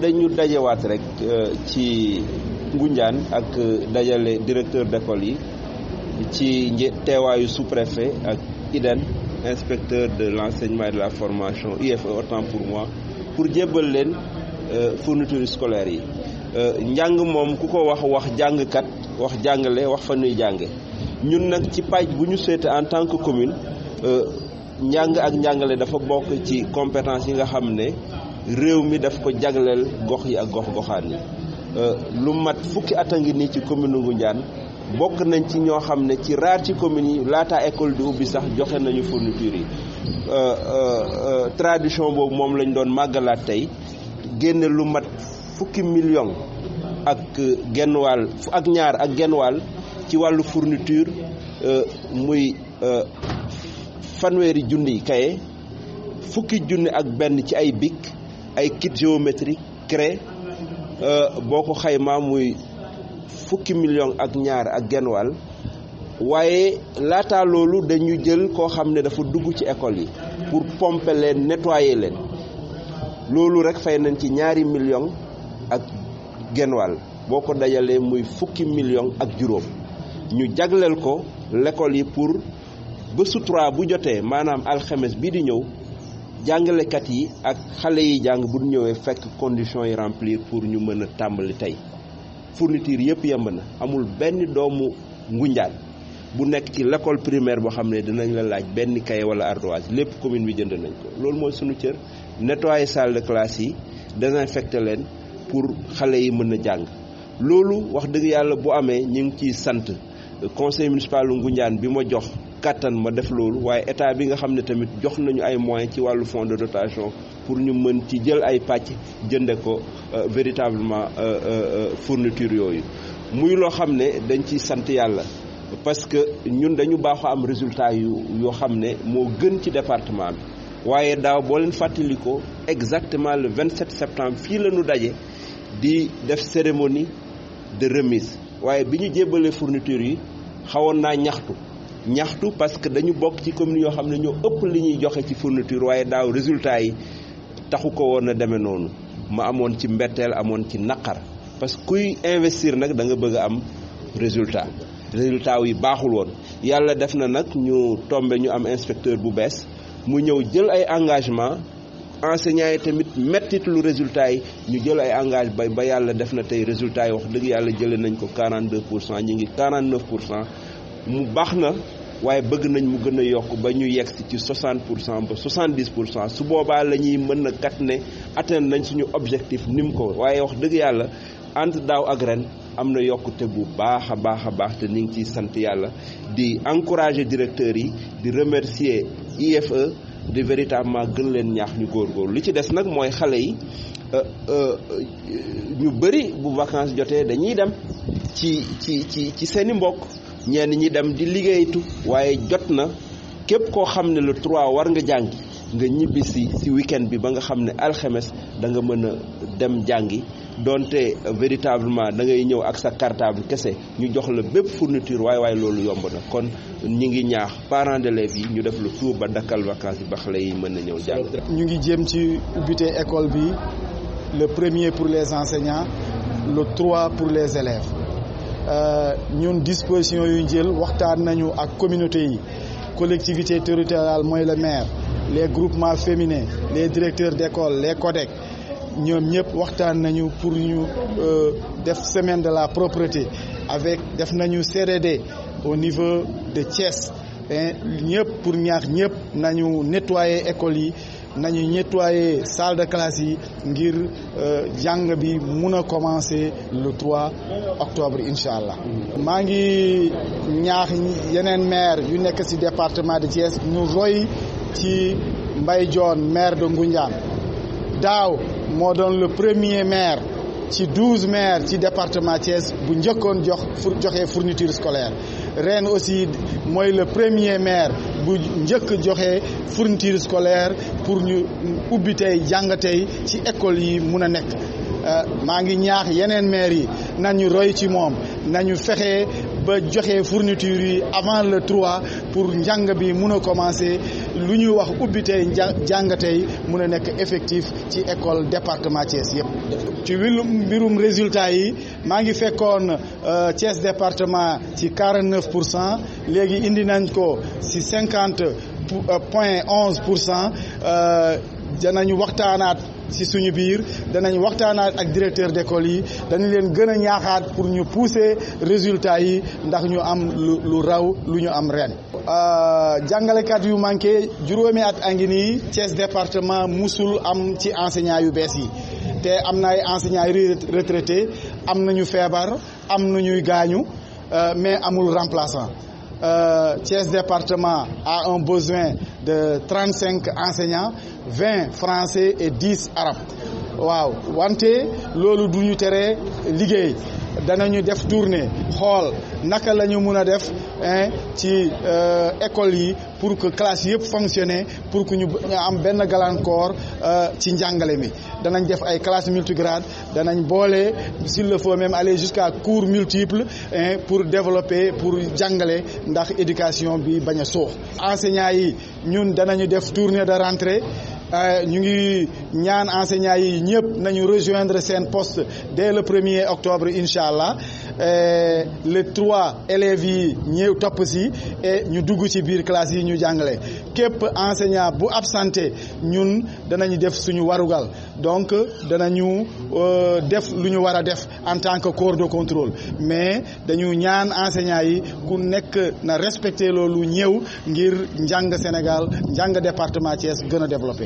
dañu dajewaat rek euh, ci Ngoundiane ak euh, dajale directeur d'école yi ci teewaayu sous-préfet ak IDEN inspecteur de l'enseignement et de la formation UFE autant pour moi pour jébbal leen euh, fourniture scolaire yi njàng moom ku ko wax wax jàngkat wax jàngale wax fa nuy jànge ñun nak ci paj bu ñu sété en tant que commune ñang euh, ak ñangalé dafa bok ci compétence yi nga xamné réew mi daf ko jagleel gox yi ak gox goxaan yi euh, lu mat fukki atangi ni ci commune Ngoundiane bok nañ ci ño xamné ci ci commune yi école du sax joxé nañu fourniture yi euh, tradition bobu mom lañ doon magalat tay génné lu mat fukki million ak genwal ak ñaar ak genwal ci wàllu fourniture euh, muy euh, fanweeri junni kaye fukki junni ak benn ci ay bic ay kit géométrique craie euh, boo ko xaymaa muy fukki million ak ñaar ak genn wàll waaye laata loolu dañu jël koo xam ne dafa dugg ci école yi pour pomper leen nettoyer leen loolu rek fay nañ ci ñaari million ak genn wàll boo ko dajalee muy fukki million ak juróom ñu jagleel ko l'école yi pour bésu trois bu jotee maanaam alxames bi di ñëw jàngalekat yi ak xale yi jàng bu ñëwee fekk conditions yi remplir pour ñu mën a tàmbali fourniture yépp na amul benn doomu ngunjal bu nekk ci l'école primaire boo xam ne dinañ la laaj benn kaye wala ardoise lépp commune bi jënd nañ ko loolu mooy sunu cër nettoyer salle de classe yi désinfecter pour yi wax bu conseil municipal Ngoundiane bi ma jox katan ma def lolu waye état bi nga xam tamit jox nañu ay moyens ci walu fonds de dotation pour ñu mën ci jël ay patch jënde ko euh, véritablement euh, euh, fourniture yoyu muy lo xam dañ ci sante yalla parce que ñun dañu baaxu am résultat yu yo xam mo gën ci département bi waye daw bo leen fàttalikoo exactement le 27 septembre fi la ñu daje di def cérémonie de remise waye biñu ñu fourniture yi xawoon naa ñaxtu ñaxtu parce que dañu bokk ci communes yoo xam ne ñoo ëpp li ñuy joxe ci fourniture waaye daaw résultat yi taxu ko woon a demee noonu ma amoon ci mbetteel amoon ci naqar parce que kuy investir nag danga bëgg am résultat résultat yi baaxul woon yàlla def na nag ñu tombe ñu am inspecteur bu bees mu ñëw jël ay engagement enseignants yi tamit mettit lu résultat yi ñu jël ay engage bay ba yàlla def na tey résultat yi wax dëgg yàlla jële nañ ko 42 pour cent ñu ngi 49 pour cent mu baax na waaye bëgg nañ mu gën a yokk ba ñu yegg ci 60 pour cent ba 70 pour cent su boobaa la ñuy mën na kat ne atteindre nañ suñu objectif ni mu ko waaye wax dëgg yàlla ent daaw ak ren am na yokkute bu baax a baax a baax te ñu ngi ciy sant yàlla di encourager directeurs yi di remercier IFE di véritablement gën leen ñaax ñu góor góor li ci des nag mooy xale yi euh, euh, ñu bëri bu vacances jotee dañuy dem ci ci ci ci seeni mbokk ñenn ñi dem di liggéeytu waaye jot na képp koo xam ne le trois war nga jàngi nga ñibbisi si weekend bi ba nga xam ne alxemes da nga mën a dem jàngi donté véritablement da ngay ñëw ak sa cartable nous ñu jox la bép fourniture way way lolu yomb na kon ñi ngi ñaax parents d'élèves yi ñu def lu tout ba dakkal vacances pour ba xale yi mëna na ñëw jàng. ñu ngi ci école bi le premier pour les enseignants le trois pour les élèves euh, ñun disposition yu jël waxtaan nañu ak communauté yi collectivité territoriale moy le maire les groupements féminins les directeurs d'école les codecs nous ñëpp waxtaan nañu pour ñu euh, def semaine de la propreté avec def nañu CRD au niveau de Thiès ñëpp pour ñaax ñëpp nañu nettoyer école yi nañu nettoyer salle de classe yi ngir euh, jàng bi le 3 octobre inshallah allah. ngi maire yu département de Thiès nous roy ci Mbaye maire de nous je suis le premier maire ci 12 maires ci département Thiès bu njëkkoon jox des fournitures scolaires ren aussi mooy le premier maire bu njëkk joxe fourniture scolaire pour ñu ubbi tey jàng ci école yi mun a nekk euh, maa ngi ñaax yeneen maires yi nañu roy ci moom nañu fexe ba joxe fourniture avant le 3 pour njàng bi mun commencer lu ñuy wax ubbi tey jàngatey mun a nekk effectif ci école département Thiès yëpp. ci wàllu mbirum résultat yi maa ngi fekkoon euh, Thiès département ci 49 pour cent léegi indi nañ ko ci 50 euh, point 11 pour cent euh, danañu waxtaanaat. si suñu biir danañu waxtaanaat ak directeur d'école yi dañu leen gën a ñaaxaat pour ñu pousser résultat yi ndax ñu am lu raw lu ñu am ren. Euh, jàngalekat yu manqué juróomi at a nii Thiès département musul am ci enseignant yu bees yi te am na ay enseignants yu retraité am nañu feebar am nañuy gaañu euh, mais amul remplaçant euh, Thiès département a un besoin de trente-cinq enseignants vingt français et dix arabes waaw wante loolu du ñu tere liggéey dana ñu def tournée xool naka la ñu mun a def ci euh, école yi pour que classe yëpp fonctionner pour que ñu am benn gàllankoor euh, ci njàngale mi danañ def ay classes multigrades danañ boole s'il le faut même aller jusqu'à cours multiples pour développer pour jàngale ndax éducation bi bañ a suux enseignants yi ñun danañu def tournée de rentrée nous euh, ngi ñaan enseignants nous nañu rejoindre seen poste dès le 1er octobre inshallah. Euh, le trois élèves yi ñëw topp si et ñu dugg ci biir classe yi ñu jàngale képp enseignant bu absenté ñun danañu def suñu warugal donc danañu euh, def lu ñu war a def en tant que corps de contrôle mais dañu ñaan enseignant yi ku nekk na respecté loolu ñëw ngir njàng Sénégal njàng département Thiès gën a développé